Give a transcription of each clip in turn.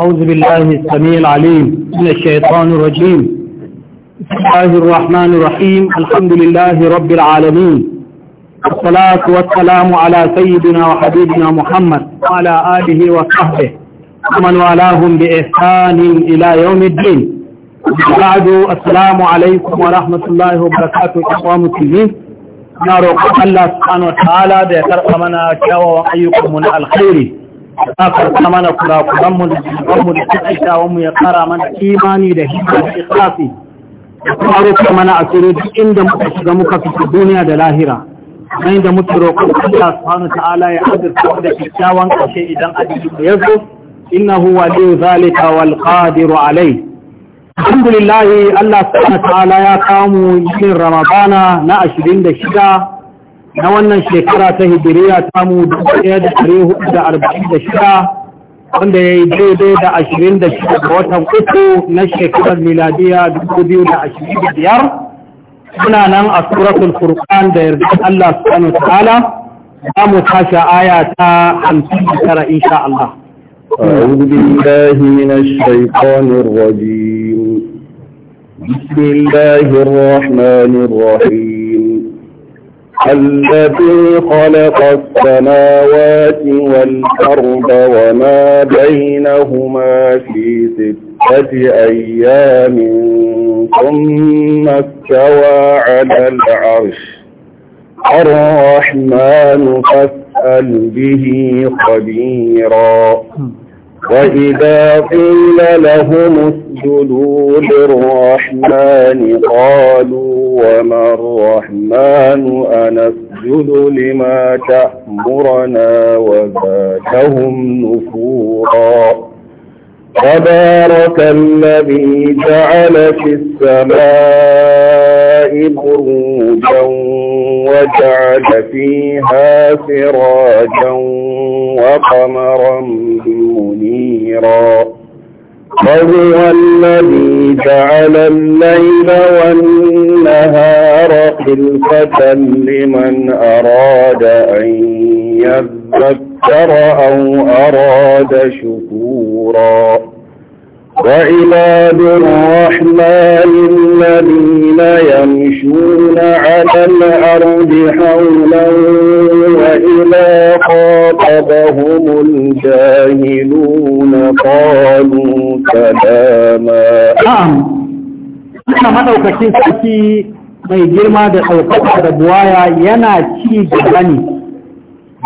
أعوذ بالله السميع العليم من الشيطان الرجيم بسم الله الرحمن الرحيم الحمد لله رب العالمين والصلاة والسلام على سيدنا وحبيبنا محمد وعلى آله وصحبه ومن والاهم بإحسان إلى يوم الدين بعد السلام عليكم ورحمة الله وبركاته أخوة مسلمين نارو الله سبحانه وتعالى بيترقى كوا وأيكم من الخير gafarta mana kurakuranmu da jirgonmu da tattaitawanmu ya kara mana imani da hikar da ikhlasi da kuma roƙa mana a tsoro duk inda muka shiga muka fito duniya da lahira nan da muke roƙon Allah subhanahu ta'ala ya azurta da kyakkyawan ƙarshe idan addu'a ya zo innahu waliyu zalika wal qadiru alai alhamdulillah Allah subhanahu ta'ala ya kawo mu yin ramadana na 26 na wannan shekara ta hijiriya ta mu shida, wanda ya yi daidai da ashirin da shida ga watan uku na shekarar miladiya biyar. suna nan a suratul furqan da yarda Allah subhanahu ta'ala za mu tashi aya ta 59 insha Allah أعوذ بالله من الشيطان الرجيم بسم الله الرحمن الرحيم الذي خلق السماوات والأرض وما بينهما في ستة أيام ثم استوى على العرش الرحمن فاسأل به خبيرا وإذا قيل لهم اسجدوا للرحمن قالوا وما الرحمن أنسجد لما تأمرنا وذاتهم نفورا تبارك الذي جعل في السماء بروجا وجعل فيها سراجا وقمرا منيرا وهو الذي جعل الليل والنهار خلفة لمن أراد أن يذكر أو أراد شكورا وعباد الرحمن الذين يمشون على الأرض حولا وإذا خاطبهم الجاهلون قالوا سلاما Ina maɗaukakin sarki mai girma da ɗaukaka da buwaya yana ci gaba ne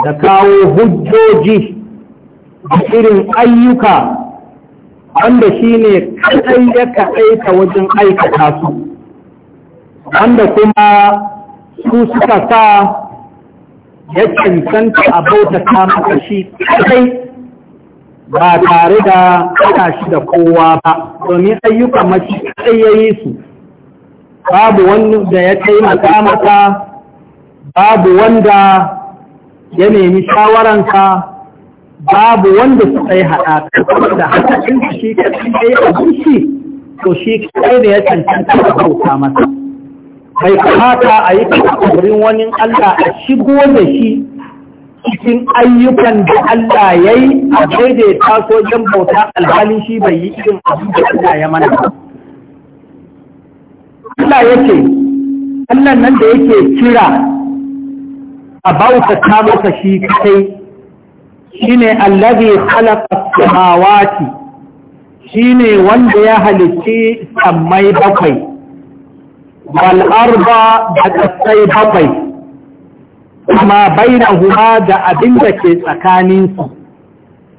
da kawo hujjoji da irin ayyuka wanda shi ne kaɗai ya kaɗaita wajen aikata su wanda kuma su suka sa ya cancanta a bauta maka shi kaɗai ba tare da haɗa shi da kowa ba domin ayyuka mashi kaɗai ya yi su babu da ya taimaka maka babu wanda ya nemi shawaranka babu wanda suka yi haɗa da haka in shi ka tsaye a gushi, to shi kai da ya cancanta da bauta masa bai kamata a yi kaburin wani Allah a shigo da shi cikin ayyukan da Allah ya yi a daidaita taso jan bauta alhalin shi bai yi irin abu da Allah ya mana Allah ya ce, Allah nan da yake kira a bauta ta masa shi kai shine allazi khalaqa Shi ne wanda ya halicci sammai bakwai wal arba da kasai bakwai amma bainahuma da abin da ke tsakaninsu.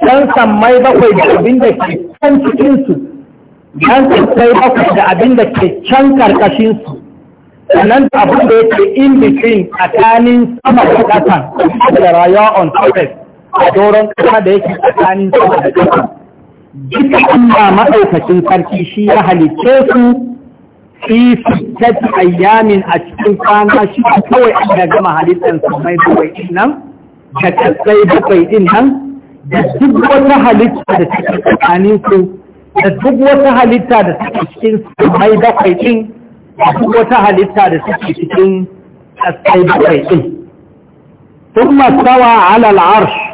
su sammai bakwai da abin da ke can cikinsu. su dan kasai bakwai da abin da ke can karkashin su sannan abin da ya yake in between tsakanin sama da ƙasa da rayuwa on surface a doron kasa da yake tsakanin sama da kasa duka Allah maɗaukacin sarki shi ya halicce su fi sittati ayyamin a cikin kwana shi kawai an da gama halittar samai bakwai din nan da da bakwai din nan da duk wata halitta da take tsakanin su da duk wata halitta da take cikin samai bakwai din da duk wata halitta da take cikin da bakwai din ثم استوى على العرش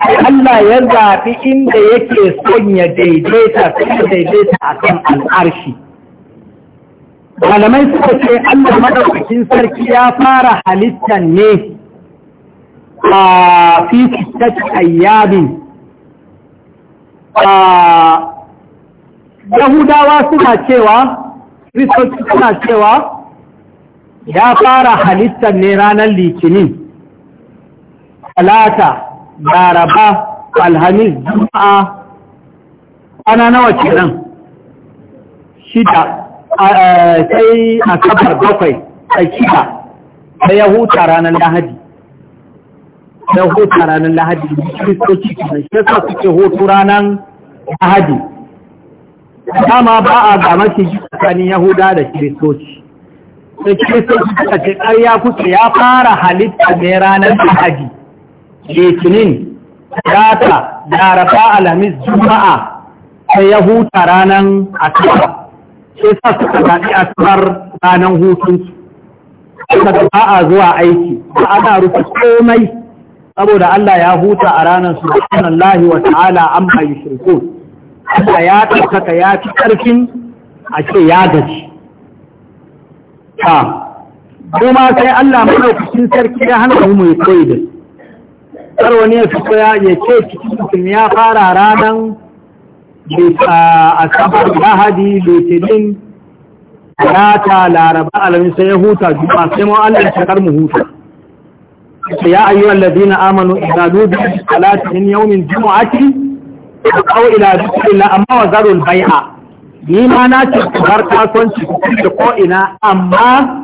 Allah ya zafi inda yake son ya daidaita sai daidaita a kan al'arshi. Malamai suka ce Allah maɗaukakin sarki ya fara halittan ne a fi cikin ayyabin. Yahudawa suna cewa, Kristoci suna cewa, ya fara halittan ne ranar Litinin, Talata, baraba alhamis juma'a ana nawa kenan shida sai a kafar bakwai a shida sai ya huta ranar lahadi ya huta ranar lahadi kristoci kenan shi sa suke hutu ranar lahadi dama ba a ga mashi tsakanin yahuda da kiristoci da kristoci suka ce ƙarya kusa ya fara halitta mai ranar lahadi litinin data rafa alhamis juma'a sai ya huta ranar asabar sai sa suka zaɓi asabar ranar hutunsu daga ba a zuwa aiki ba ana rufe komai saboda Allah ya huta a ranar Allah wa ta'ala an bayi shirko, Allah ya ɗaukaka ya ci karfin a ce ya gaji kuma sai Allah madaukakin sarki ya hana mu mai koyi da kar wani ya fito ya ce cikin mutum ya fara ranar a kafar lahadi litinin talata laraba alamin sai ya huta juma'a sai ma Allah ya mu huta ya ayyuhal na amanu idza nudiya lis salati min yawmin jumu'ati aw ila dhikrillah amma wa zarul bai'a ni ma na ce bar kasuwanci da ko ina amma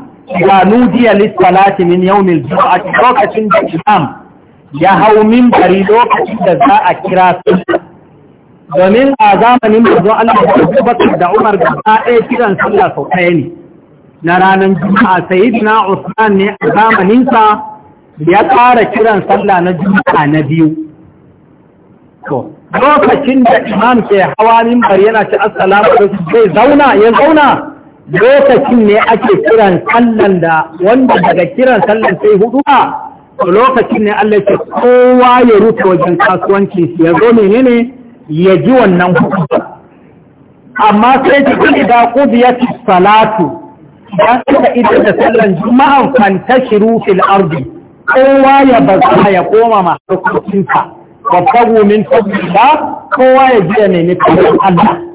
ya nudiya lis salati min yawmin jumu'ati lokacin da imam ya hau mimbari lokacin da za a kira su domin a zamanin da zo Allah da bakar da Umar ga sa'e ɗaya kiran sallah sau ɗaya ne na ranar juma'a sayyidina Usman ne a zamaninsa ya fara kiran sallah na juma'a na biyu to lokacin da imam ke hawa mimbar yana ci assalamu alaikum zai zauna ya zauna lokacin ne ake kiran sallan da wanda daga kiran sallan sai hudu lokacin ne Allah ce kowa ya rufe wajen kasuwanci ya zo menene ya ji wannan hukunci amma sai ta kun ya ci salatu ya ka idan da sallan juma'a fantashiru fil arzi. kowa ya baza ya koma masu harkokinsa wa min fadlillah kowa ya ji ne ne Allah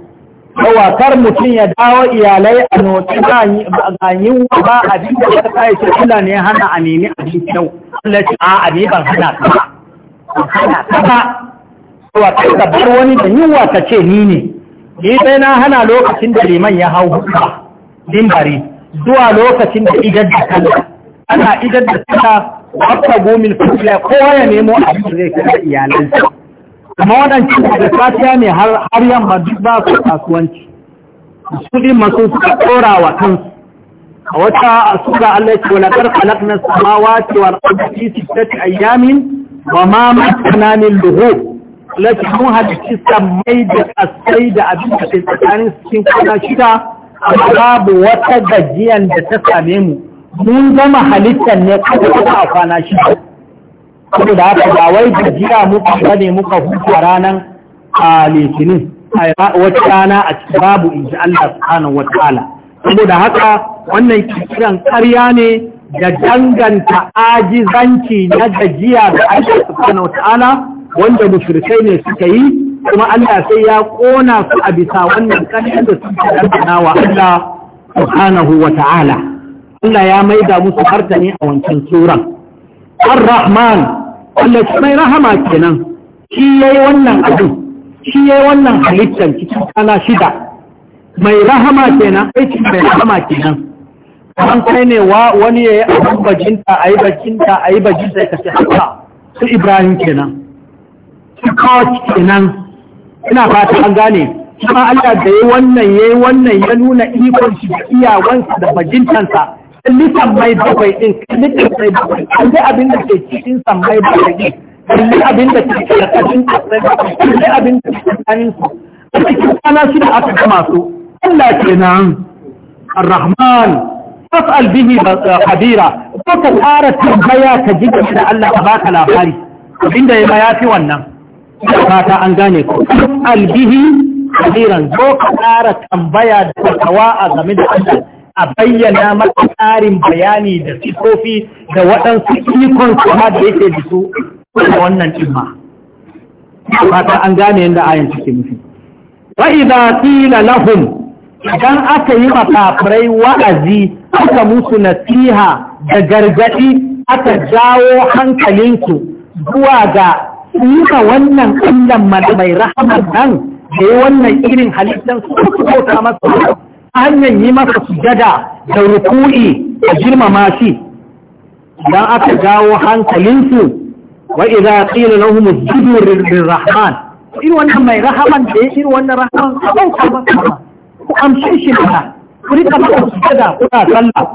yawa mutum ya dawo iyalai a noti ba yin ba abin da ya kai ce kula ne hana a nemi abin kyau Allah a abi ban hana ta ba hana ta ba yawa kar bar wani da wa ta ce ni ne ni sai na hana lokacin da liman ya hau hukuma dimbari zuwa lokacin da idan da kanta ana idan da kalla wata gomin fasila kowa ya nemo abin zai kira iyalansa amma waɗancan da safiya ne har yamma duk ba su kasuwanci ɗin masu suka tsora wa kansu a wata suka Allah ce wala kar samawa samawati wal ardi fi sittati ayyamin ba ma masana min lughub lati mun ci samai da ƙasai da abin da ke tsakanin cikin kuma shida a babu wata gajiyan da ta same mu mun zama halittar ne kuma a kwana shida kuma da haka ba wai jiya muka bane muka huta ranar a litinin a wata rana a cikin babu in ji Allah subhanahu wa ta'ala saboda haka wannan kiran ƙarya ne da danganta ajizanci na gajiya da Allah subhanahu wa ta'ala wanda mushrikai ne suka yi kuma Allah sai ya kona su a bisa wannan ƙarya da suke dangana wa Allah subhanahu wa ta'ala Allah ya maida musu martani a wancan suran Ar-Rahman wanda mai rahama kenan shi ya yi wannan abin shi ya yi wannan halittar cikin kana shida mai rahama kenan aiki mai rahama kenan an kai ne wani ya yi abin bajinta a yi bajinta a yi bajinta ya kashe haka su ibrahim kenan su kawai kenan ina fata an gane kuma allah da ya yi wannan ya wannan ya nuna ikon shi da iyawansa da bajintansa litan mai bakwai ɗin litan mai bakwai kalli abin da ke cikin san mai bakwai ɗin kalli abin da ke karkashin kasai bakwai kalli abin da ke tsakanin su a cikin kwana shida aka gama su Allah kenan Ar-Rahman fas'al bihi uh, khabira ko ka tsara tambaya ka ji game da Allah ka baka labari abinda ya ya fi wannan fata an gane ko fas'al bihi khabiran ko ka tsara tambaya da kawa a game da Allah a bayyana masa tsarin bayani da sifofi da waɗansu ikon kuma da yake da su da wannan ɗimma fata an gane yadda ayin suke nufi wa idza qila lahum idan aka yi makafirai wa'azi aka musu nasiha da gargadi aka jawo hankalinsu zuwa ga suka wannan Allah mai rahamar nan da wannan irin halittar su ta masa hanyar yi masa sujada da ruku'i a girmama shi don aka gawo hankalinsu wa idza qila lahum isjudu lirrahman irin wannan mai rahaman da yake irin wannan rahaman a bauta ba ku amshi shi ba ku rika masa sujada kuna sallah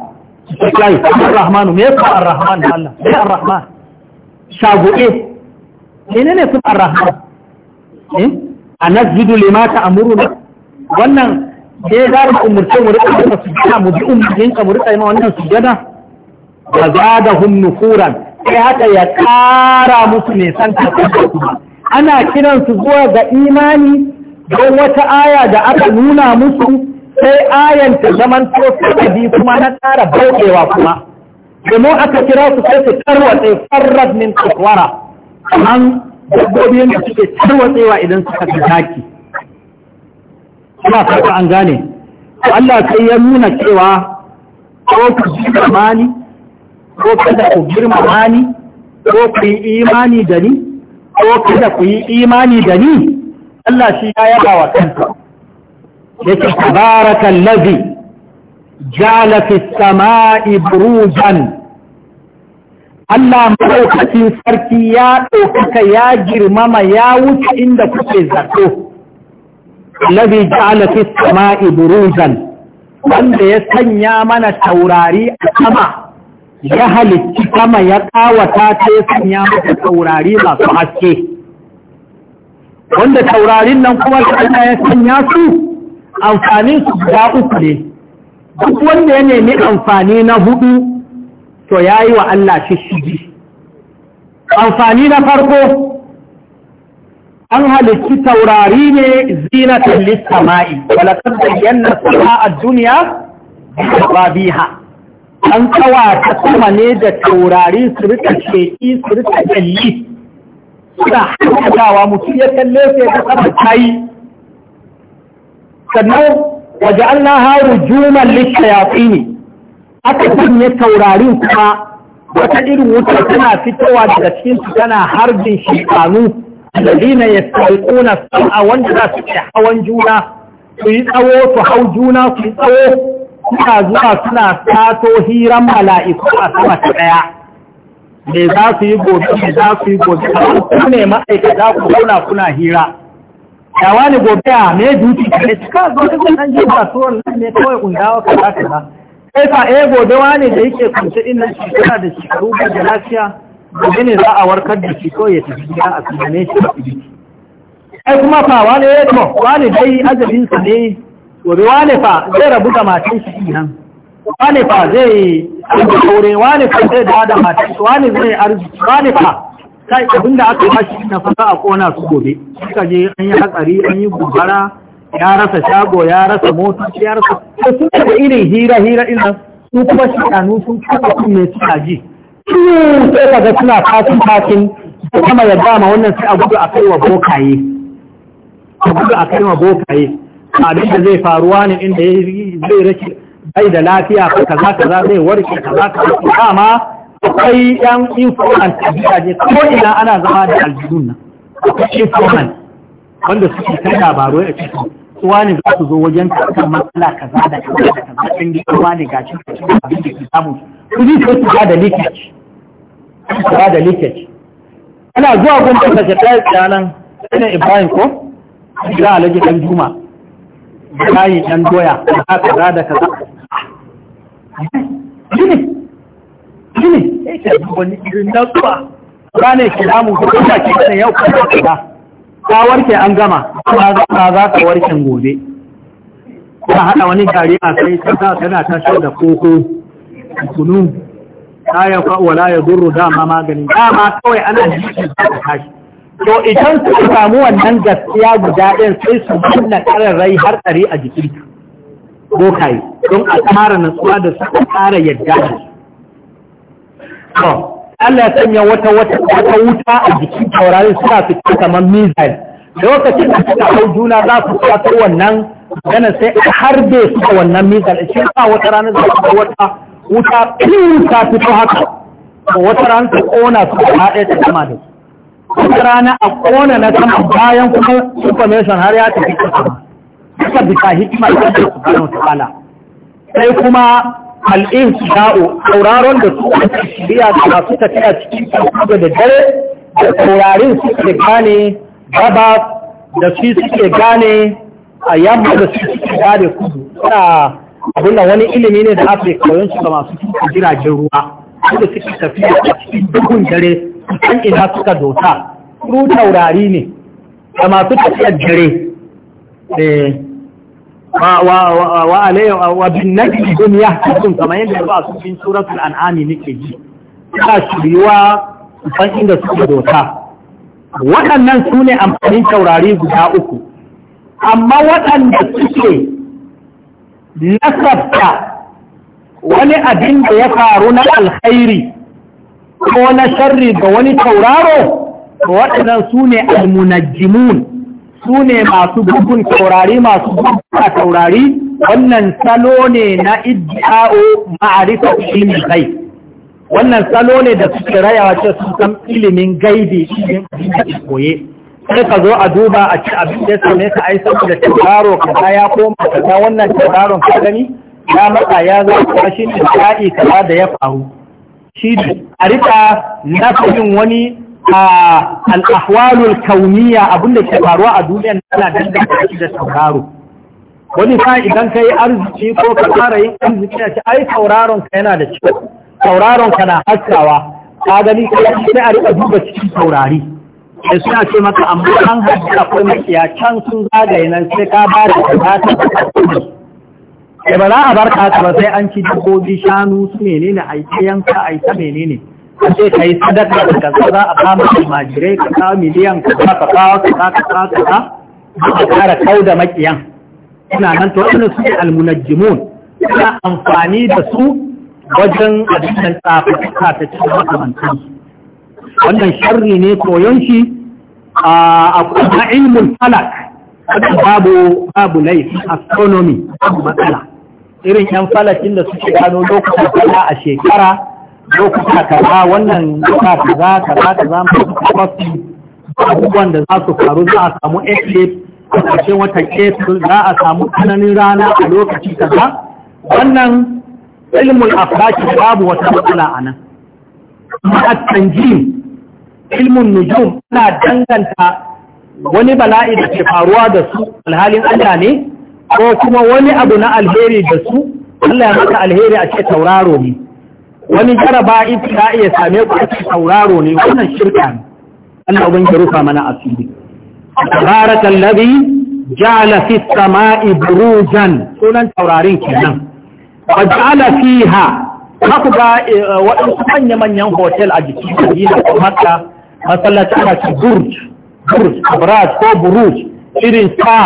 sai ar-rahmanu me yasa ar-rahman Allah sai ar-rahman shago'e menene su ar-rahman eh anasjudu lima ta'muruna wannan ke za mu umurce mu rika masa sujjada mu bi umarnin ka mu rika yi wannan sujjada da hun nufuran sai haka ya kara musu ne san kuma ana kiran su zuwa ga imani don wata aya da aka nuna musu sai ayan ta zaman to bi kuma na kara bauɗewa kuma domin aka kira su sai su tarwatse farrat min tsakwara an dabbobin da suke tarwatsewa idan suka ga zaki ina fata an gane Allah sai ya nuna cewa ko ku girma ni ko kada ku girma ni ko ku yi imani da ni ko kada ku yi imani da ni Allah shi ya yaba wa kanka. yake tabarakal ladhi ja'ala fis sama'i burujan Allah sarki ya ɗaukaka ya girmama ya wuce inda kuke zato. Labi ja'ala fi sama'i burujan wanda ya sanya mana taurari a sama ya halitta sama ya kawata ta ya sanya mata taurari masu haske wanda taurarin nan kuma da ya sanya su amfanin su guda uku ne duk wanda ya nemi amfani na hudu to yayi wa Allah shishigi amfani na farko an halicci taurari ne zina zinatan lissama'i walakar bayyana sama a duniya ba biha an ta sama ne da taurari su rika sheƙi su rika jalli suna hankalawa mutum ya kalle su ya sama ta yi sannan waje an na haru juman lissayafi ne aka kunye taurarin kuma wata irin wuta tana fitowa daga cikinsu tana harbin shekaru alladina yastahiquna sam'a wanda za su iya hawan juna su yi tsawo su hau juna su yi tsawo suna zuwa suna sato hiran mala'iku a sama ta ɗaya me za su yi gobe me za su yi gobe a ku ne ma'aikata ku kuna kuna hira yawa wani gobe a me duti ka ne cika zo da zan an je kasuwar nan ne kawai kundawa ka za ka ba sai fa eh gobe wani ne da yake kunce din nan shekara da shekaru ba da lafiya gobe ne za a warkar da shi kawai ya tafi gida a tunane shi a asibiti ai kuma fa wane ya to wane dai ajalinsa ne gobe wane fa zai rabu da matan shi nan wane fa zai aiki aure wane fa zai da matan shi wane zai arziki wane fa kai abin da aka bashi na fasa a kona su gobe suka je an yi hatsari an yi gubara ya rasa shago ya rasa motoci ya rasa su sun da irin hira hira ina su kuma shi kanu sun kafa kun mai suna ji sai kaga suna fatin fatin kuma ya dama wannan sai a gudu a kaiwa bokaye a gudu a kaiwa bokaye abin da zai faruwa ne inda zai rashin bai da lafiya ko kaza kaza zai warke kaza kaza dama akwai yan informant a gidaje ko ina ana zama da aljihun nan akwai informant wanda suke kai labarai a cikin kowa ne za su zo wajen ka kan matsala kaza da kaza da kaza din da kowa ne gashi abin da ke samu su ji su ba da leakage su ba da leakage ana zuwa gun ka kace ta tsanan ina Ibrahim ko da alaji dan Juma yi dan doya ka kaza da kaza shine shine eh ta wani irin da ba ba ne kiramu ko ta ce yau ka kaza ka warke an gama ba za ka warke gobe ta haɗa wani gari a kai ta tana tashar da koko kunu ta ya fa'uwa la ya zurru dama magani, dama kawai ana ba ta tashi to idan su samu wannan gaskiya guda ɗin sai su ƙarar rai har ɗari a jikin bokaye don a ƙara natsuwa da suka ƙara yadda da su Allah ya sanya wata wata wata wuta a jikin taurarin suna fita kamar mizal lokacin da suka hau juna za su fatar wannan ganin sai a harbe suka wannan mizal shi ba wata ranar za su wata wuta fiye ta fito haka wata ranar ta kona su da haɗe ta sama da su wata rana a kona na sama bayan kuma information har ya tafi ta sama suka bisa hikima ta Allah subhanahu wa ta'ala sai kuma al'insu tauraron da suka shirya da masu tafiya cikin kuma da dare da saurarin suke gane gaba da su suke gane a yamma da su suke gane kudu suna abinda wani ilimi ne da afirka koyon su da masu suke jiragen ruwa wanda suke tafiya a cikin dukkan dare kan ina suka dota su taurari ne da masu tafiya dare eh, wa alayya wa bin najmi hum yahtadun kamar yadda ba su cikin suratul an'ami nake ji ta shiriwa san inda suka dota waɗannan su ne amfanin taurari guda uku amma waɗanda suke nasabta wani abin da ya faru na alkhairi ko na sharri ga wani tauraro waɗannan su ne almunajjimun su ne masu bugun taurari masu bugun taurari wannan salo ne na ijiyawo ma'arifa ilimin kai. wannan salo ne da suke rayawa wace sun san ilimin gaibi ilimin da koye sai ka zo a duba a ci abin da su ne ka ai saboda tauraro kaza ya koma Ta wannan tauraron ka gani ya matsa ya za kuma shi ne kaza da ya faru shi a rika nafiyin wani al'ahwalul kauniya abinda ke faruwa a duniyan tana danganta da sauraro wani sa idan ka yi arziki ko ka fara yin arziki a ce ai sauraron ka yana da ciwo sauraron ka na haskawa ka gani sai a rika duba cikin saurari sai suna ce maka amma an hajji akwai ya can sun zagaye nan sai ka ba da kudata da eh, ba za a bar ka ba sai an ci dabbobi shanu su menene a yanka a menene a ce ka yi sadaka da kaza za a kama almajirai ka kawo miliyan ka kawo ka kawo ka kawo ka kawo ka kawo a kara kau da makiyan ina nan to wani su almunajjimun Ya amfani da su wajen abincin tsafi ta ta ci makamantan wannan sharri ne koyon shi a kuma ilmin falak babu babu laifin astronomy babu matsala irin yan falakin da suke gano lokacin fala a shekara lokuta kaza wannan lokuta kaza kaza kaza masu abubuwan da za su faru za a samu eclipse a ƙarshen watan april za a samu tsananin rana a lokaci kaza wannan ilmul afraki babu wata matsala a nan amma a ilmun nujum ana danganta wani bala'i da ke faruwa da su alhalin Allah ne ko kuma wani abu na alheri da su Allah ya maka alheri a ce tauraro ne wani jaraba ita ta iya same ku ake sauraro ne wannan shirka ne Allah ubangi rufa mana asiri tabarakal ladhi ja'ala sama'i burujan sunan taurarin kenan wa ja'ala fiha haka ga eh, waɗansu manya-manyan hotel a jikin Madina ko Makka masallaci ana ci burj burj abraj ko buruj irin sa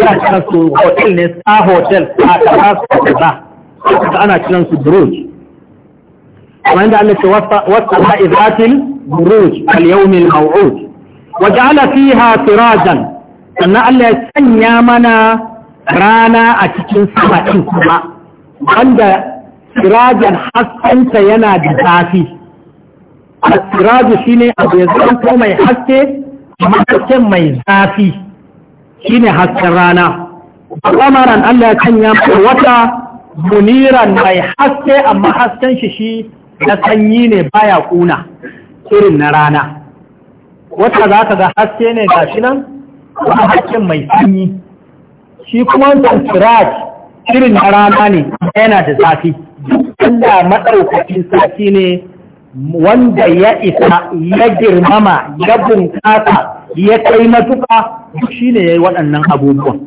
ana kiran su hotel ne sa hotel a kaza su ana kiran su buruj وعند أن توسط ذات البروج اليوم الموعود وجعل فيها سراجا أن الله يسنى رانا أتكين سماء سماء عند سراجا حسن سينا بذاتي السراج شيني أبو يزران كوما يحسي كما مي ذاتي شيني حسن رانا وقمرا الله يسنى منا وتا muniran mai haske amma hasken shi na sanyi ne baya kuna irin na rana wata za ka ga haske ne ga shi nan ba hasken mai sanyi shi kuma wancan firaj irin na rana ne yana da zafi Allah maɗaukakin sarki ne wanda ya isa ya girmama ya bunƙasa ya kai matuƙa duk shi ne ya yi waɗannan abubuwan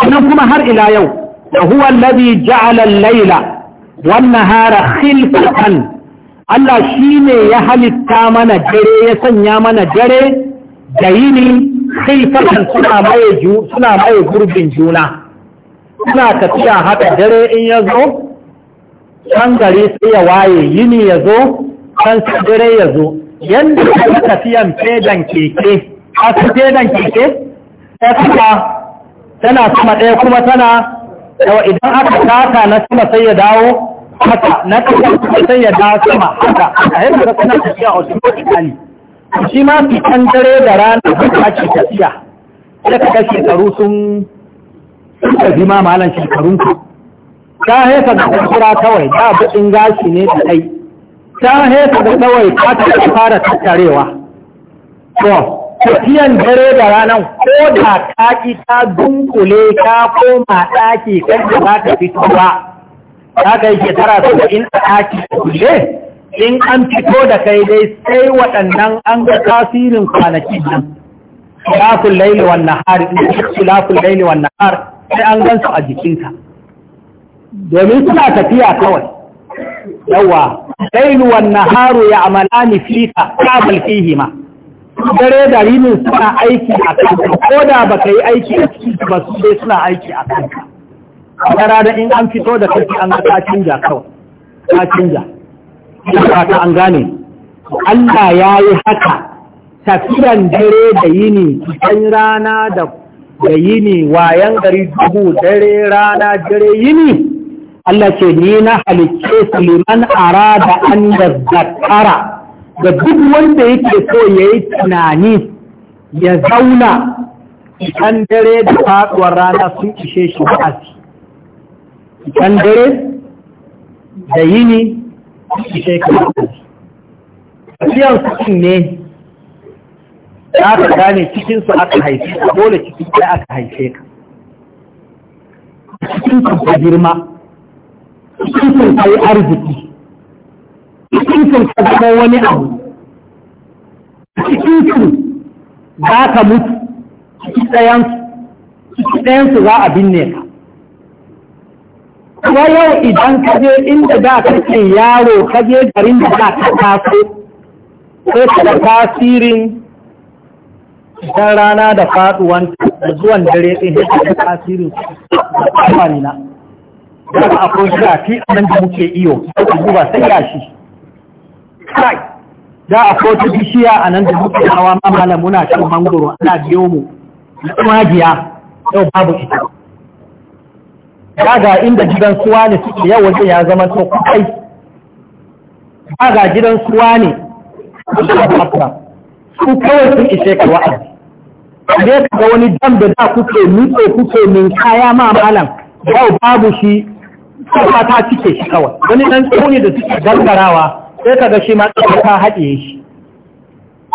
sannan kuma har ila yau da huwa allazi ja'ala laila wannan hara khilfatan Allah shi ne ya halitta mana dare ya sanya mana dare da yini khilfatan suna maye gurbin juna suna tafiya haka dare in yazo, zo can gari sai ya waye yini yazo, zo dare yazo. Yanda yadda tafiyan fedan keke a su fedan keke ta tana sama ɗaya kuma tana yawa idan aka taka na sama sai ya dawo haka na kasa sai ya dawo sama haka a yadda ka kana tafiya a cikin kali shi ma fitan dare da rana haka ce tafiya sai ka kashe shekaru sun sun tafi ma malan shekarun ka ta haifa ga kura kawai da bukin gashi ne da kai ta haifa ga kawai ta fara tattarewa tafiyan dare da ranar ko da kaki ta dunkule ta koma ɗaki kan da za ka fito ba za ka yi shekara saba'in a ɗaki kulle in an fito da kai dai sai waɗannan an ga tasirin kwanaki nan khilafun laili wan nahar khilafun laili wan nahar sai an gansu a jikinka domin suna tafiya kawai yawa laili wannan naharu ya amalani fika kabal fihima dare da rinin suna aiki a kanta, ko da ba ka yi aiki a ciki ba su dai suna aiki a kanta. a da in an fito da kake an ka ja kawai ka ja ya fata an gane Allah ya yi haka tafiyan dare da yini kusan rana da yini wayan gari dubu dare rana dare yini Allah ce ni na halicce su liman arada an da zakara da duk wanda yake so ya yi tunani ya zauna idan dare da faɗuwar rana sun ishe shi wa'azi idan dare da yini sun ishe ka wa'azi tafiyar cikin ne za ka gane cikinsu aka haife ka dole cikin ɗaya aka haife ka cikin ka girma cikin ka yi arziki cikin ka wani abu cikin su za ka mutu ciki ɗayansu za a binne ka kuma yau idan ka je inda da kake yaro ka je garin da za ka taso sai ka da tasirin cikin rana da faɗuwan da zuwan dare ɗin da ka tasirin da kamfani nina. da akwai shafi a nan da muke iyo sai ka zuba sai yashi kai da a kotu bishiya a nan da muke hawa ma malam muna cin mangoro ana biyo mu magiya yau babu ita ga inda gidan suwa ne suke yau waje ya zama to kai ga gidan suwa ne su kawai sun ishe ka wa'azi ne ka ga wani dam da da kuke nutse kuke min kaya ma malam yau babu shi kafa ta cike shi kawai wani dan tsauni da suke gangarawa sai ka ga shi ma ka haɗe shi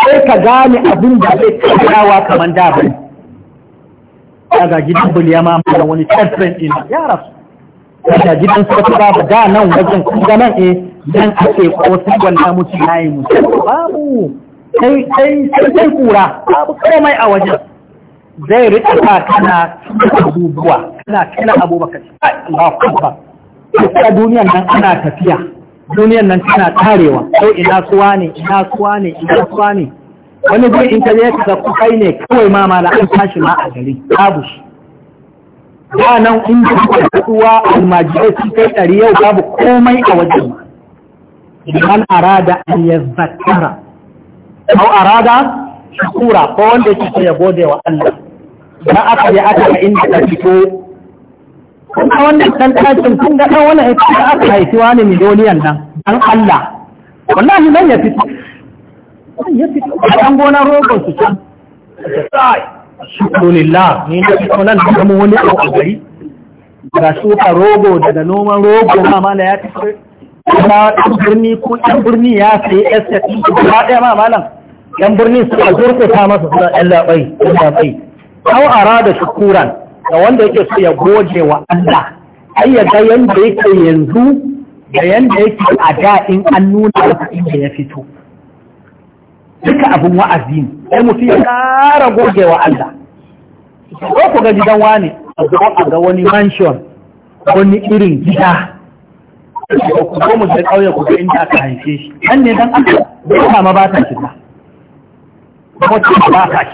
sai ka gane abin da zai kayawa kamar da ya ga gidan buliyama mara wani tattalin ina ya rasu ga gidan sarki ba da nan wajen kuma e eh nan ake kwasan gwanda mutu na yi mutu babu sai sai sai kura babu komai a wajen zai rika sa kana abubuwa kana kana abubakar sai ba ku ba duniyan nan ana tafiya duniyan nan tana tarewa. ko ina suwa ne ina suwa ne ina suwa ne wani gurin in ka je kai ne kawai ma mala an tashi ma a gari babu shi da nan in ji ku kuwa almajirai su kai ɗari yau babu komai a wajen man arada an ya zakara au arada shukura ko wanda yake ya gode wa Allah na aka yi aka ga inda ka fito kuma wannan ɗan ɗakin kun ga ɗan aiki ita aka haifi wani miliyoniyan nan dan Allah wallahi nan ya fito ya fito a ɗan gonar rogon su can shukrulillah ni na fito nan da kuma wani a gari. ga shuka rogo daga noman rogo ma mala ya fito kuma ɗan birni ko ɗan birni ya sayi estate ba ɗaya ma malam ɗan birni su suka ta masa suna ɗan labai ɗan labai au arada shukuran da wanda yake so ya goge wa Allah ai ya yanda yake yanzu da yanda yake a da in an nuna masa inda ya fito duka abin wa'azi ne sai mutum ya kara goge wa Allah ko ku ga gidan wani a zo a ga wani mansion wani irin gida ku zo mu sai kauye ku ga inda aka haife shi nan ne dan aka ba ma ba ta ba ta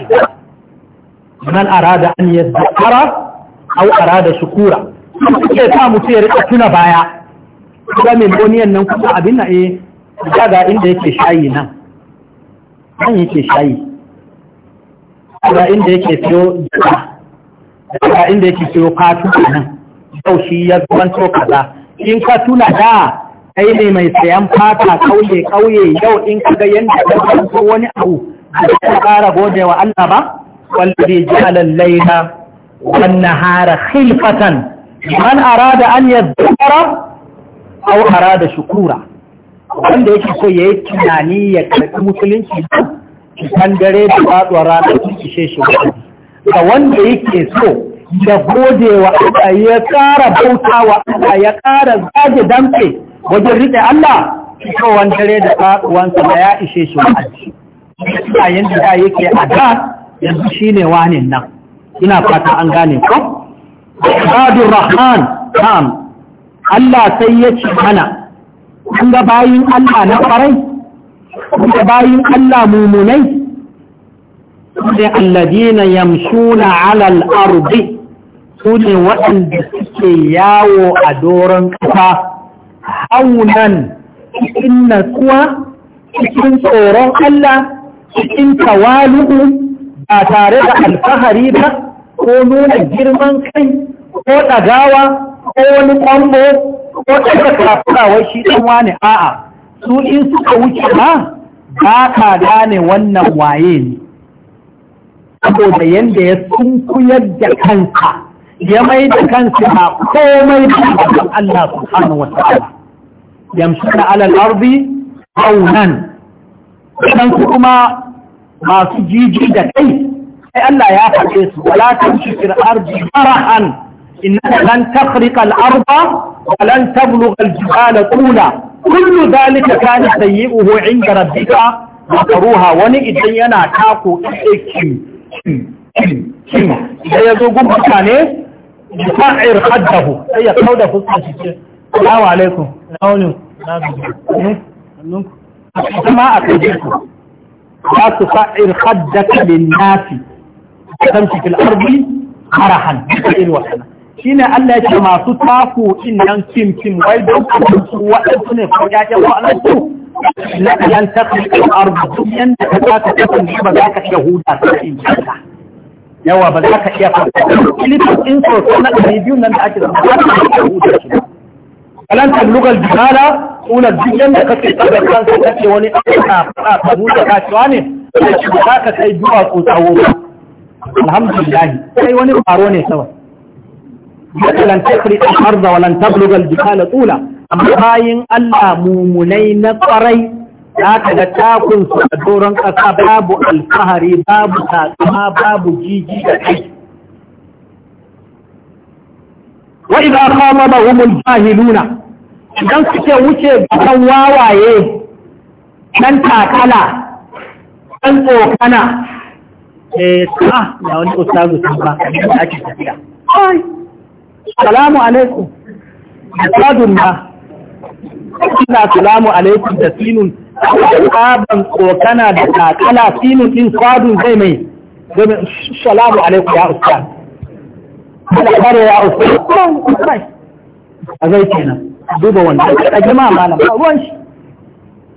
man arada an yadhkara aw arada shukura ke ta mutu ya rika tuna baya kuma mai boniyan nan kuma abin na eh ga inda yake shayi nan nan yake shayi ga inda yake siyo ga inda yake siyo fatu nan yau shi ya so kaza in ka tuna da kai ne mai sayan fata kauye kauye yau in ka ga yanda ka zuwanto wani abu da ka kara gode wa Allah ba والذي جعل الليل والنهار خلفة من أراد أن يذكر أو أراد شكورا wanda yake so ya yi tunani ya karfi musulunci kan dare da faɗuwar ranar ishe shi ga wanda yake so ya gode wa Allah ya kara bauta wa Allah ya ƙara zage damfe wajen riƙe Allah fitowar dare da faɗuwansa na ya ishe shi a Yayin da yake a da yanzu shi ne wane nan ina fata an gane ko ibadu rahman Na'am. Allah sai ya ci mana An ga bayin Allah na farai kun ga bayin Allah mumunai sai alladina yamshuna ala ardi su ne waɗanda suke yawo a doron ƙasa haunan cikin natsuwa cikin tsoron Allah cikin tawalu'u ba tare da alfahari ba ko nuna girman kai ko ɗagawa ko wani ƙwambo ko ɗaga kafurawar shi ɗan wani a'a su in suka wuce ba ba ka gane wannan waye ne saboda yadda ya sunkuyar da kansa ya mai da kansa a komai da Allah subhanahu wa ta'ala yamshi da alal ardi aunan kansu kuma masu jijin da kai sai Allah ya faɗe su wala tamshi fil ardi marahan innaka lan tafriqa al arda wa lan tablugha al jibala tula kullu dhalika kana sayyi'uhu 'inda rabbika makruha wani idan yana tako eh, kike da ya zo gun mutane fa'ir haddahu sai ya kauda fuskar shi ce assalamu alaikum na wani na zuwa kuma a kai za su sa’ir haddaka lin nafi a kan cikin arzi harahan duka irin shi ne Allah ya ce masu tafu in nan kim kim wai da su waɗansu ne ko yaƙe ko ala su na ɗan tafiyar arzi duk yadda ka za ka tafin ba za ka iya huda ta in shaka yawa ba za ka iya fara filifin in so na ɗari biyu nan da ake zama ba za ka iya huda falan tablugal jihala kuna duk da kake tsada kanka kake wani aka fada ka kasuwa ne sai ki ba ka kai duwa ko tsawo alhamdulillah sai wani faro ne kawai lan tafri al-ardh wa lan tablugha al amma bayin Allah mumunai na kwarai zaka ga takun su doron kasa babu alfahari babu takama babu jiji da kai wa idza khatabahum al-jahiluna idan suke wuce kan wawaye dan takala dan tsokana eh ta ah, ya wani ustazu sun ba ake tafiya ai salamu alaikum ustazun na ina salamu alaikum da sinun Kaban tsokana da takala sinun din sadun zai mai salamu alaikum ya ustazu ya a kenan duba wanda a ruwan shi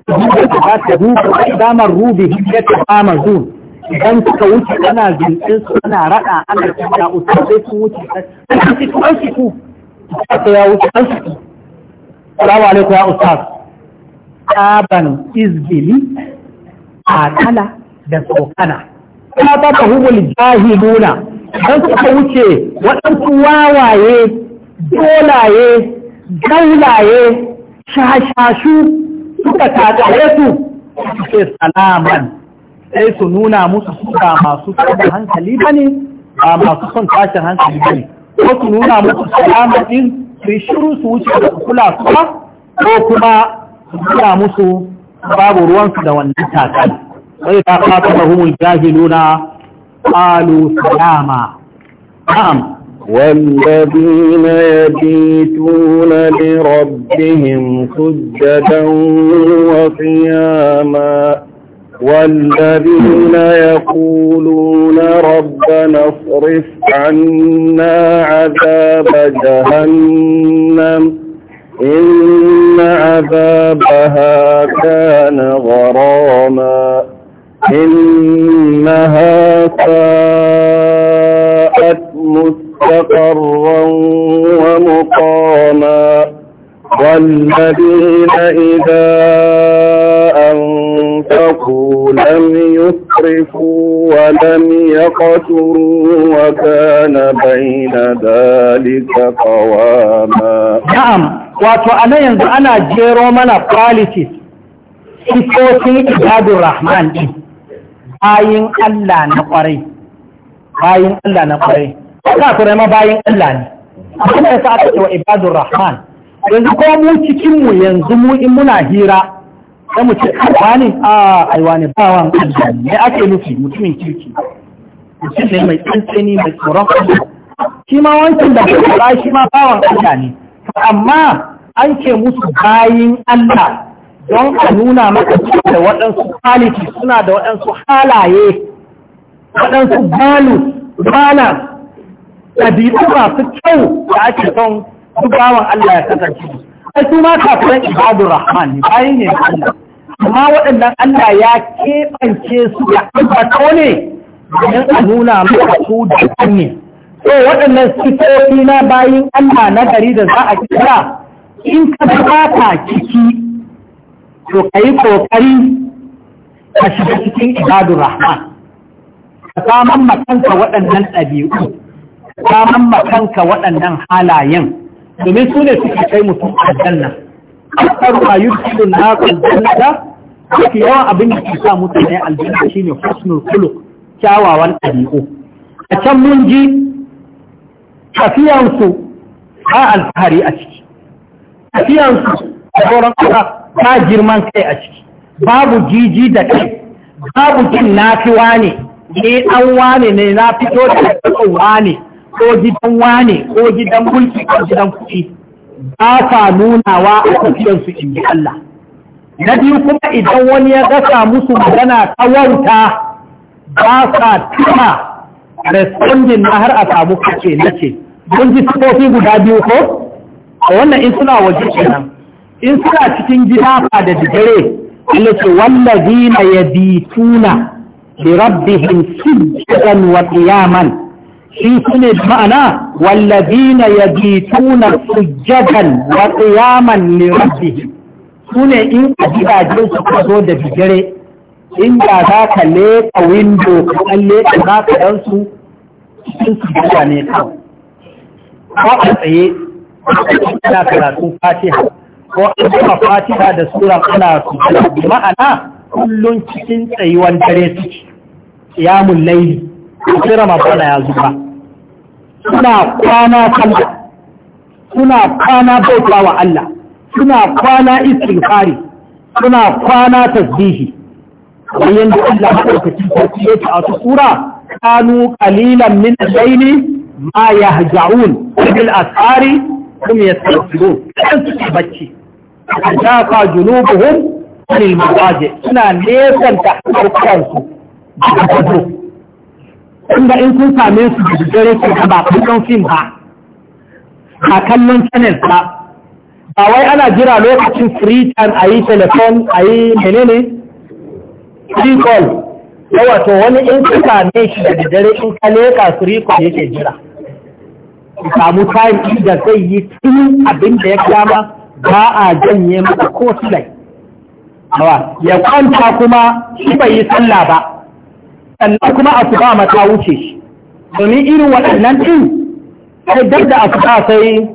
ba ta duba damar rubi ya ta zuwa idan suka wuce ana jinsin su ana raɗa ana tafiya usul sai sun wuce an ci ku an ku ya wuce an ci ku salamu ya ustaz tsaban izgili a kala da tsokana ta ta hubul jahiluna don suka wuce waɗansu wawaye dolaye gaulaye shashashu suka takare su suke salaman sai su nuna musu suka masu tsada hankali ba ne ba masu son tashin hankali ba ne ko su nuna musu salaman ɗin su yi shiru su wuce da kula su ko kuma su nuna musu babu ruwansu da wannan takali sai ta fata da humul jahiluna قالوا سلاما نعم والذين يبيتون لربهم سجدا وقياما والذين يقولون ربنا اصرف عنا عذاب جهنم إن عذابها كان غراما إنها ساءت مستقرا ومقاما والذين إذا أنفقوا لم يسرفوا ولم يقتروا وكان بين ذلك قواما نعم واتو أنا nan أنا جيرو jero mana qualities sifofin ibadun rahman bayin Allah na kwarai bayin Allah na kwarai kafirai ma bayin Allah ne kuma yasa aka ce wa ibadur rahman yanzu ko mu cikin mu yanzu mu in muna hira sai mu ce wani a ai wani bawan Allah ne ake nufi mutumin kirki mutum ne mai tsantseni mai tsoron Allah shi ma wancan da ba shi ma bawan Allah ne amma an ce musu bayin Allah don a nuna maka da waɗansu quality suna da waɗansu halaye waɗansu balu, bana ɗabi'u masu kyau da ake son dubawan Allah ya kasance ai su ma kafiran rahman ne bayan Allah amma waɗannan Allah ya keɓance su ya ambato ne don a nuna maka su da ne to waɗannan sifofi na bayin Allah na gari da za a kira in ka ba ciki to ka yi kokari a shiga cikin ibadun rahman ka saman makanka waɗannan ɗabi'u ka saman makanka waɗannan halayen domin su ne suke kai mutum aljanna aksaru ma yudkhilun nar aljannata mafi yawan abin da ke sa mutane aljanna shine husnul kyawawan ɗabi'u a can mun ji tafiyansu ba alfahari a ciki tafiyansu a sauran ƙasa ba girman kai a ciki babu jiji da kai babu jin nafiwa ne ne an wane ne na fito da kasowa ne ko gidan wane ko gidan mulki ko gidan kuɗi ba sa nunawa a tafiyarsu in ji Allah na biyu kuma idan wani ya gasa musu magana ta wauta ba sa tuna responding na har a samu kace na ce ji sifofi guda biyu ko wannan in suna waje kenan in suna cikin gida ba da dare Allah ce wallazina yabituna li rabbihim sujadan wa qiyaman shi sune ma'ana wallazina yabituna sujadan wa qiyaman li rabbihim sune in a gidajen su ka zo da dare inda za ka leka windo ka kalle leƙa za ka ɗan su cikin su gida ne kawai ko a tsaye a cikin karatun fatiha ko an fatiha da sura ana su bi ma'ana kullum cikin tsayuwan dare suke mun laili sai ramadana ya zuba suna kwana kalla, suna kwana bauta wa Allah suna kwana istighfari suna kwana tasbihi bayan da Allah ya madaukakin sarki yake a sura kanu qalilan min al-layli ma yahja'un bil asari kuma yastaghfirun kan suke bacci tafa junubuhum anil mawaje suna inda in kun same su da dare su ba kallon fim ba Ka kallon channel ba ba wai ana jira lokacin free time a yi telefon a yi menene free call to wani in kun same shi da dare in ka leka free call yake jira samu time da zai yi tun abinda ya kama ba a janye masa ko silai ya kwanta kuma shi bai yi sallah ba sannan kuma a su ba mata wuce shi domin irin waɗannan ɗin sai duk da a su ba sai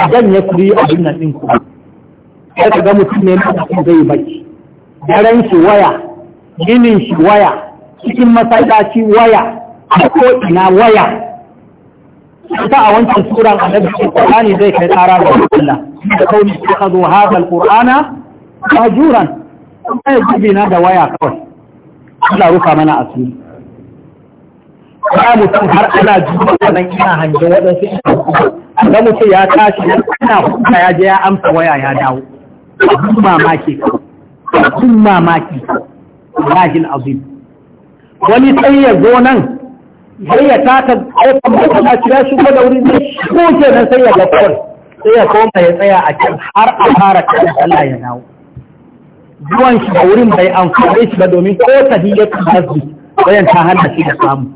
a janye ku yi abin nan ɗin ku ya ga mutum ne na zai bai daren shi waya ginin shi waya cikin masallaci waya a ko'ina waya ta a wancan suran annabi Qur'ani zai kai tsara da Allah da kauni haɗa Al-ƙur'ana. alqur'ana majuran ɗaya gibi na da waya kawai Allah rufa mana suni ba mutum har ana a nan ina hangen waɗansu ina ga mutum ya tashi ina hukunta ya je ya amsa waya ya dawo abin mamaki abin mamaki lahil azim wani sai ya zo nan sai ya taka ƙofar masallaci ya shigo da wuri ne shigo kenan sai ya ga kawai sai ya koma ya tsaya a can har a fara kan sallah ya dawo zuwan shi a wurin bai amfani shi ba domin ko tahiyatul masjid bayan ta hana shi da samu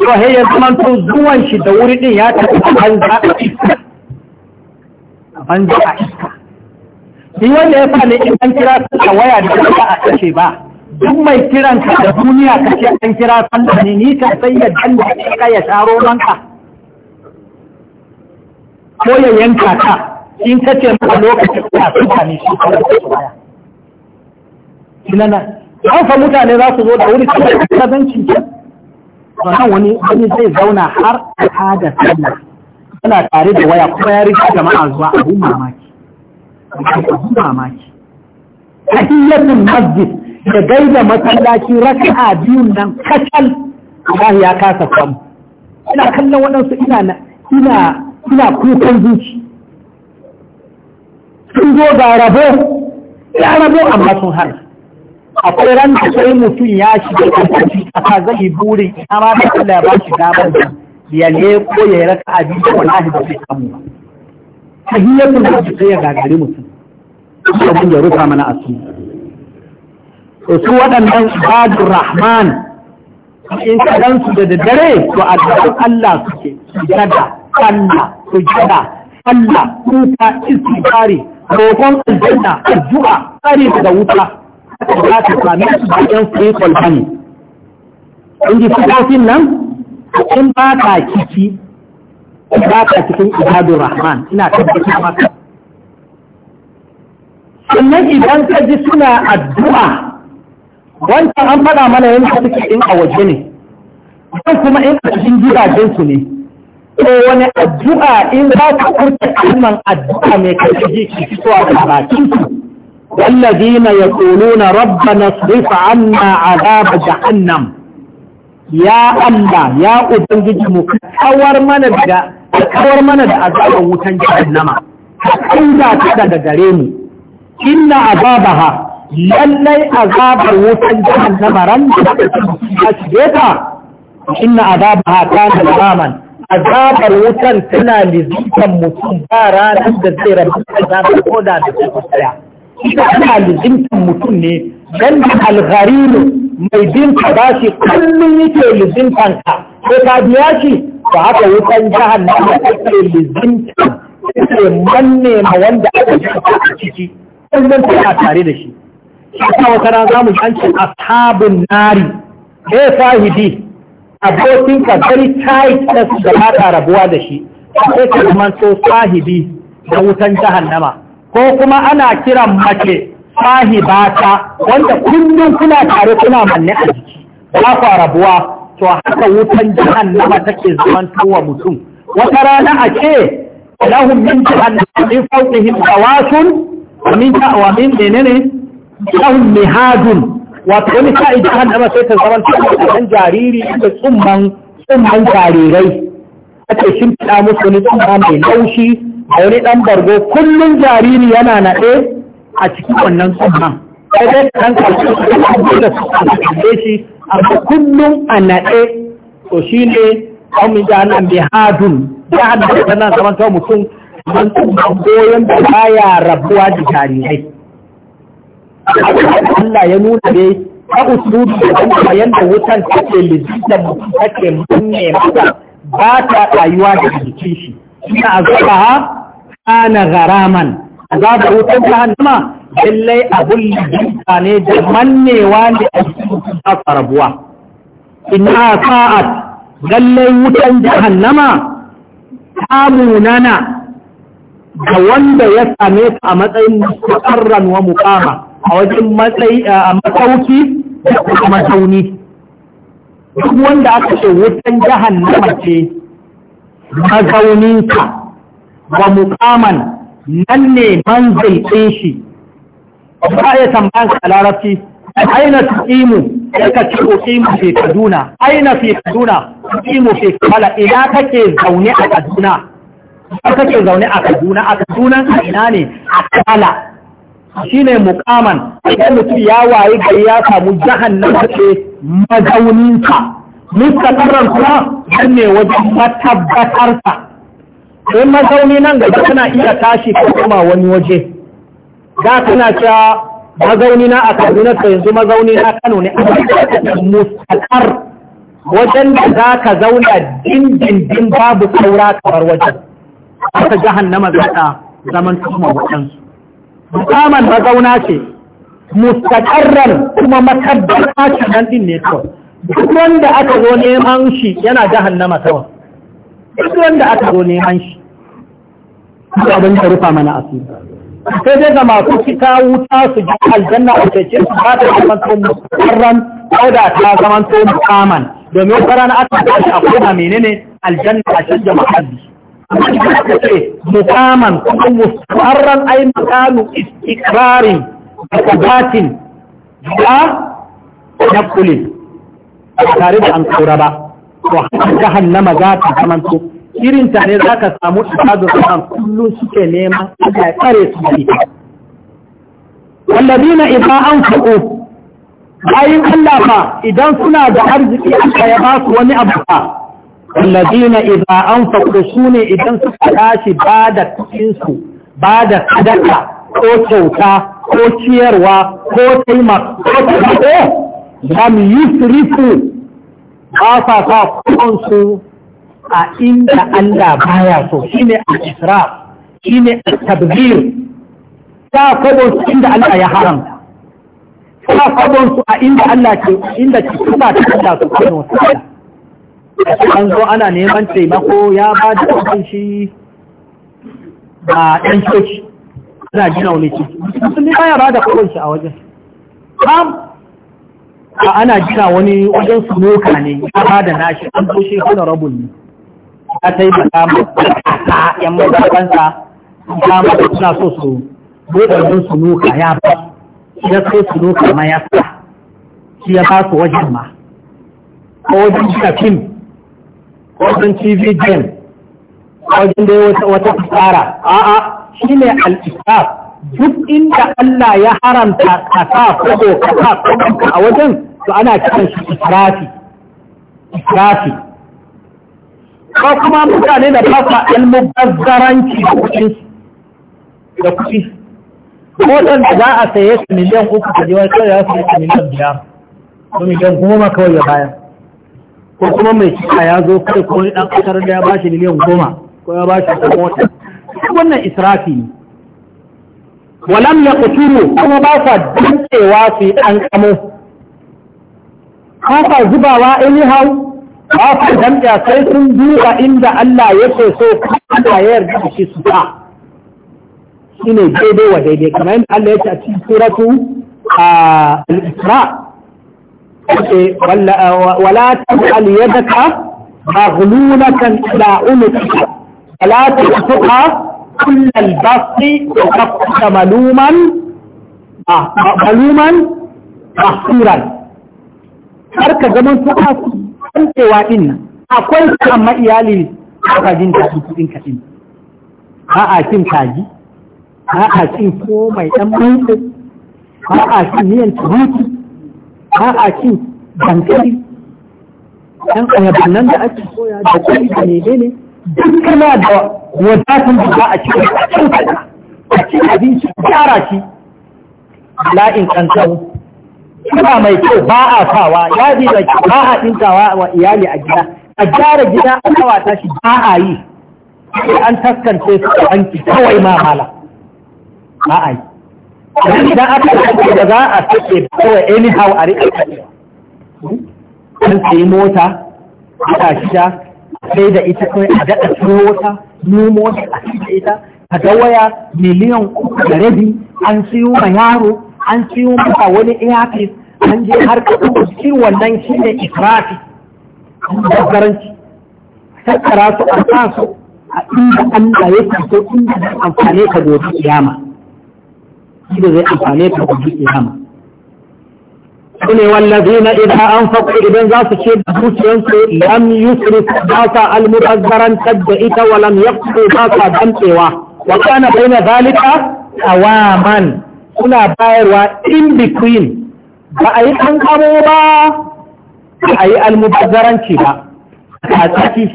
to he ya zama to zuwan shi da wuri din ya tafi banza a iska banza a iska shi wanda ya fa fara in an kira ta waya da ba a kashe ba duk mai kiran ka da duniya ka ce an kira sallah ne ni ka sai ya danda ka ya sharo ranka ko ya yanka ka in ka ce maka lokacin ya suka ne shi ka da baya kinana an fa mutane za su zo da wuri cikin kasancin ke sannan wani wani zai zauna har ta da sallah yana tare da waya kuma ya rike jama'a zuwa abin mamaki abin mamaki tahiyatul masjid da gaida masallaci raka'a biyun nan kacal Allah ya kasa samu ina kallon waɗansu ina ina ina kukan zuci sun zo ga rabo ya rabo amma sun har akwai ran da sai mutum ya shiga kanci a zai burin ina ma da Allah ya ba shi gaban ko ya ko ya raka abin da wallahi ba zai samu ba tahiyyatul hajji sai ya gagari mutum ban ya rufa mana asu to su waɗannan ibadur rahman in ka dan su da daddare to a gaban Allah suke sujada sallah sujada sallah kuka istighfari roƙon aljanna addu'a tsari daga wuta za ta sami su bayan su yi kwalbani in ji fitafin nan in ba ka in ba ka cikin ibadur rahman ina tabbata maka sannan idan ka ji suna addu'a wancan an faɗa mana yanzu suke in a waje ne kan kuma in a cikin ne ko wani addu'a in za ka kurta kalman addu'a mai karfi ji ki fito a na ku na يقولون ربنا اصرف عنا عذاب جهنم يا ya يا ubangiji mu kawar mana da kawar mana da azabar wutan jahannama Kun za ta daga gare mu inna azabaha lallai azabar wutan jahannama ran da ta shige ta inna azabaha kana raman azabar wutan tana lizitan mutum ba ranar da zai rabu azabar koda da ta tsaya ita tana lizinkan mutum ne don da algharimu mai binta ba shi kullum yake lizintan ka ko ta biya shi ba haka wutan jahannama take lizitan take manne ma wanda aka jaka a ciki kullum tana tare da shi haka wata rana za mu a ashabin nari eh fahidi abokinka very tight da su da ba ta rabuwa da shi Ko ka zama so fahidi da wutan jahannama ko kuma ana kiran mace ta wanda kullum kuna tare kuna manne a jiki ba ku rabuwa to haka wutan jahannama take zama towa mutum wata rana a ce lahun min jahannama min fawqihim tawasun wa min wa min menene lahum mihadun wato wani sa'i da hannama sai ta zama cikin jariri da tsumman tsumman jarirai ake shimfiɗa musu wani tsumma mai laushi da wani ɗan bargo kullum jariri yana naɗe a cikin wannan tsumman sai dai ta karfi da su kalle shi amma kullum a naɗe to shi ne kawai da mai hadun da hannun da nan mutum don tsumman goyon da baya rabuwa da jarirai Allah ya nuna dai ta usulubi da yadda wutan take lijitar mutum take manne masa ba ta rayuwa da jikin shi ina azaba ha ana garaman azabar wutan ta hannama lallai abun lijinta ne da mannewa ne a cikin ta farabuwa ina sa'at lallai wutan jahannama ta munana Da wanda ya same ta a matsayin mutuƙarran wa muƙama a wajen matsayi a matsauki da kuma matsauni duk wanda aka ce wutan na mace mazauninka wa mukaman nan ne manzil ɗin shi ba ya tambayan sa larabci aina ya ka ce mu fi kaduna aina fi kaduna mu fi kala ina kake zaune a kaduna kake zaune a kaduna a kaduna ina ne a kala Shi ne mukaman idan mutum ya waye gari ya samu nan ce mazauninsa mustaqarran kuma dan ne wajen matabbatarsa in mazauni nan gaba tana iya tashi ko kuma wani waje da na cewa mazauni na a Kaduna to yanzu mazauni na Kano ne a mustaqar wajen da za ka zauna dindindin babu saura kamar wajen ka jahannama za ta zaman kuma wajensu. mukaman mazauna ce mustaqarran kuma matabbata ce nan ɗin ne kawai duk wanda aka zo neman shi yana na kawai duk wanda aka zo neman shi duk abin da rufa mana su sai dai ga masu cika wuta su ji aljanna a cece su ba da zaman to mustaqarran ko da ta zaman to mukaman domin wata rana aka shi a kuma menene aljanna a canja muhalli amma ki ka ce mukaman kuma mustaran ay makalu istiqrari akabatin da tadakkuli tare da an kaura ba to jahannama za ta zamanto irin ta irin za zaaka saamu ibadu rahman kullum suke nema Allah ya tsare su da ita wallazina idza bayin Allah fa idan suna da arziki Allah ya ba wani abu fa wallazina idza anfaqu sune idan suka tashi ba da kuɗinsu ba da sadaka ko kyauta ko ciyarwa ko taimako lam yusrifu ba sa sa kuɗinsu a inda Allah baya so shine al-israf shine al-tabzir ta kwabon inda Allah ya haramta ta kwabon su a inda Allah ke inda ke kuma ta Allah subhanahu wa ta'ala an zo ana neman taimako ya ba da kuɗin shi a ɗan coci ana gina wani ciki musulmi ba ya ba da kuɗin shi a wajen kam a ana gina wani wajen noka ne ya ba da nashi an zo shi rabu ne ya ta yi bata mata yan mazabansa ya da suna so su buɗe wajen noka ya ba ya kai noka ma ya sa shi ya ba su wajen ma ko wajen gina fim ko ɗan tv game ko don dai wata tsara a'a shi ne isaf duk inda Allah ya haramta kasa ko kasa ko sa a wajen to ana kiran shi israfi israfi ko kuma mutane da ba sa almubazzaranci da kuɗi da kuɗi motar da za a saye su miliyan uku ka je wani kawai ya saye su miliyan biyar ko miliyan goma kawai ya bayan ko kuma mai cika ya zo kai ko wani dan kasar da ya bashi miliyan goma ko ya bashi kuma wata wannan israfi ne walam ya kuturu kuma ba sa dantsewa su yi dan kamo ba sa zubawa anyhow ba sa dantsa sai sun duba inda Allah ya so so Allah ya yarda da shi su ta shine daidai wa daidai kamar yadda Allah ya ce a cikin suratu ah, al-Isra ce wala taj'al yadaka maghlulatan ila unuka wala tuqa kull al-bast wa kafka maluman ah, maluman mahsuran har ka zaman su ka kantewa din nan akwai su amma iyali ka jin daɗin kuɗin ka din ba a cin kaji ba a cin komai dan mai ba a cin miyan turuti ba a cin dankali ɗan ayaban nan da ake koya da kuri da mene ne duk da wadatun da za a ci a cin kada a cin abinci gyara shi la'in kankan kuma mai kyau ba a sawa ya zai da ba a ɗinkawa wa iyali a gida a gyara gida a kawata shi ba a yi sai an taskance su an ki kawai ma mala ba a yi idan aka kace da za a take kowa anyhow a rika kacewa an sayi mota a shida sai da ita kawai a daɗa turo wata mota a cikin ita a ga waya miliyan uku da rabi an siyo ma yaro an siyo masa wani airpiece an je har kaɗan cikin wannan shi ne israfi gaggaranci tattara su a sa su a inda Allah ya so inda zai amfani ka gobe kiyama shi zai amfane ka su ne wallazi na idan an faɗi idan za su ce da zuciyarsu lam yusri ba sa almubazzarantar da ita wa lam yaqtu ba sa damtsewa wa kana baina zalika awaman suna bayarwa in between ba a yi an kamo ba ba a yi almubazzaranci ba a tsaki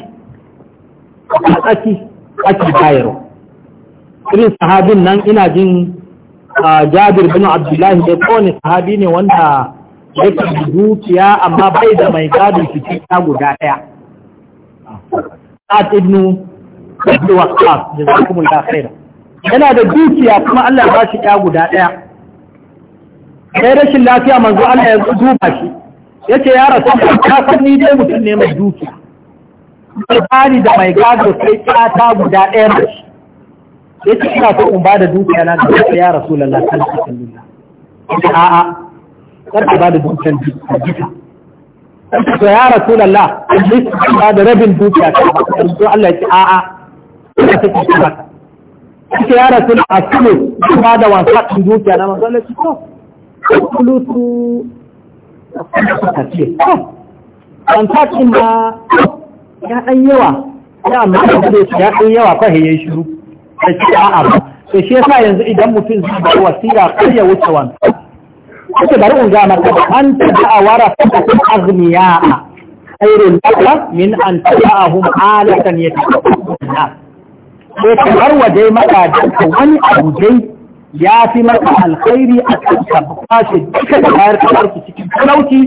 a tsaki ake bayarwa irin sahabin nan ina jin jabir bin abdullahi ya kowane sahabi ne wanda ya ke dukiya amma bai da mai gadin cikin ta guda ɗaya sa'ad ibn abdul waqas jazakumullahu khairan yana da dukiya kuma Allah ya ba shi ɗaya guda ɗaya sai rashin lafiya manzo Allah ya duba shi yace ya rasu da kafin ni dai mutum ne mai dukiya alƙali da mai gado sai ta guda ɗaya mace ya ce ina so in bada da dukiya na ga ya kan sallallahu alaihi wasallam a'a kar ka bada da dukiyar dukiya to ya rasulullah in ba da rabin dukiya ka to Allah ya ce a'a ina so ki ba ka ya rasulullah asulu ba da wasa dukiya na manzo Allah to kulutu ka ce kwantakin ma ya ɗan yawa ya amma da ya ɗan yawa kwa ya shiru da shi a'a ba to shi yasa yanzu idan mutum zai bar wasiya kar ya wuce wani kace bari in ga maka an tabi'a warasa ta azmiya khairul laka min an tabi'ahum ta yatakabbuna ko ka bar waje maka da wani abu dai ya fi maka alkhairi a kan ka duka da bayar kamar cikin talauci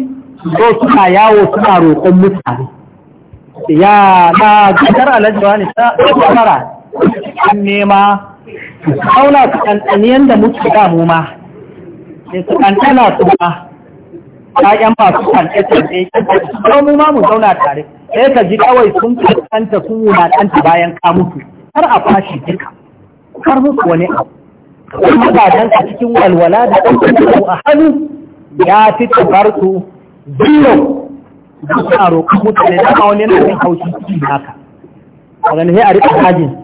zo suna yawo suna roƙon mutane ya na gadar alajawa ne ta kamara an nema auna su ɗanɗani yadda muke mu ma sai su ɗanɗana su ma ƴaƴan masu ɗanɗe kwanke ya mu ma mu zauna tare sai ka ji kawai sun ƙanƙanta sun ɗanta bayan ka mutu har a fashi duka har musu wani abu kuma ba a cikin walwala da ɗan a hannu ya fi tabar su zuwa da a roƙon mutane da ma wani na haushi cikin haka. Wani sai a riƙa hajin